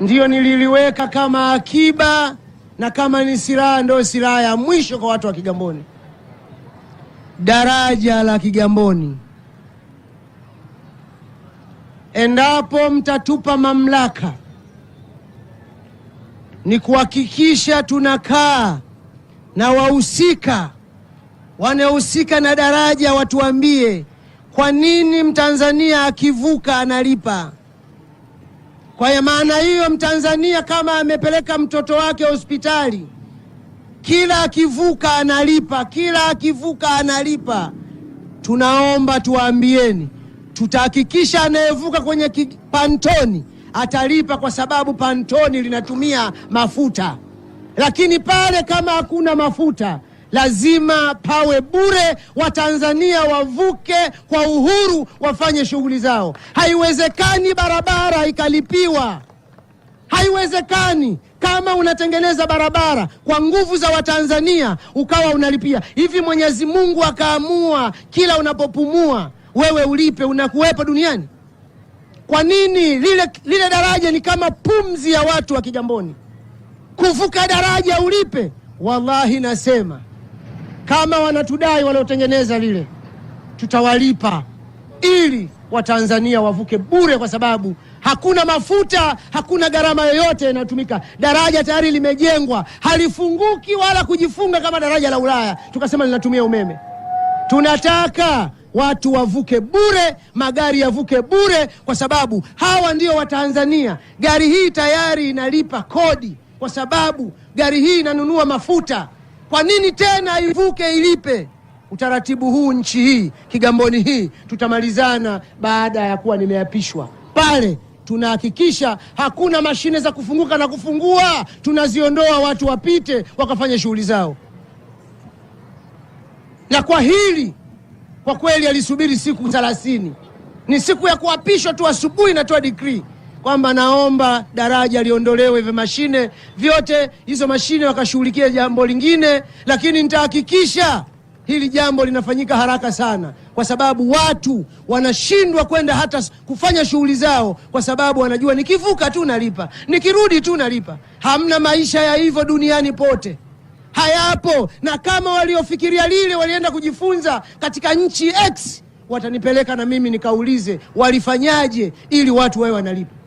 ndiyo nililiweka kama akiba na kama ni silaha, ndio silaha ya mwisho kwa watu wa Kigamboni. Daraja la Kigamboni, endapo mtatupa mamlaka, ni kuhakikisha tunakaa na wahusika wanaohusika na daraja, watuambie kwa nini mtanzania akivuka analipa. Kwa maana hiyo, Mtanzania kama amepeleka mtoto wake hospitali, kila akivuka analipa, kila akivuka analipa. Tunaomba tuwaambieni, tutahakikisha anayevuka kwenye pantoni atalipa, kwa sababu pantoni linatumia mafuta, lakini pale kama hakuna mafuta lazima pawe bure, Watanzania wavuke kwa uhuru, wafanye shughuli zao. Haiwezekani barabara ikalipiwa, haiwezekani kama unatengeneza barabara kwa nguvu za Watanzania ukawa unalipia hivi. Mwenyezi Mungu akaamua kila unapopumua wewe ulipe, unakuwepo duniani? Kwa nini lile, lile daraja ni kama pumzi ya watu wa Kigamboni, kuvuka daraja ulipe? Wallahi nasema kama wanatudai waliotengeneza lile, tutawalipa ili Watanzania wavuke bure, kwa sababu hakuna mafuta, hakuna gharama yoyote inayotumika. Daraja tayari limejengwa, halifunguki wala kujifunga kama daraja la Ulaya tukasema linatumia umeme. Tunataka watu wavuke bure, magari yavuke bure, kwa sababu hawa ndio Watanzania. Gari hii tayari inalipa kodi, kwa sababu gari hii inanunua mafuta. Kwa nini tena ivuke ilipe? Utaratibu huu nchi hii Kigamboni hii tutamalizana baada ya kuwa nimeapishwa pale tunahakikisha hakuna mashine za kufunguka na kufungua, tunaziondoa, watu wapite wakafanya shughuli zao. Na kwa hili kwa kweli alisubiri siku thelathini, ni siku ya kuapishwa tu asubuhi, natoa digrii kwamba naomba daraja liondolewe hivyo mashine vyote hizo mashine wakashughulikia jambo lingine, lakini nitahakikisha hili jambo linafanyika haraka sana, kwa sababu watu wanashindwa kwenda hata kufanya shughuli zao, kwa sababu wanajua nikivuka tu nalipa, nikirudi tu nalipa. Hamna maisha ya hivyo duniani pote, hayapo. Na kama waliofikiria lile walienda kujifunza katika nchi X, watanipeleka na mimi nikaulize walifanyaje ili watu wawe wanalipa.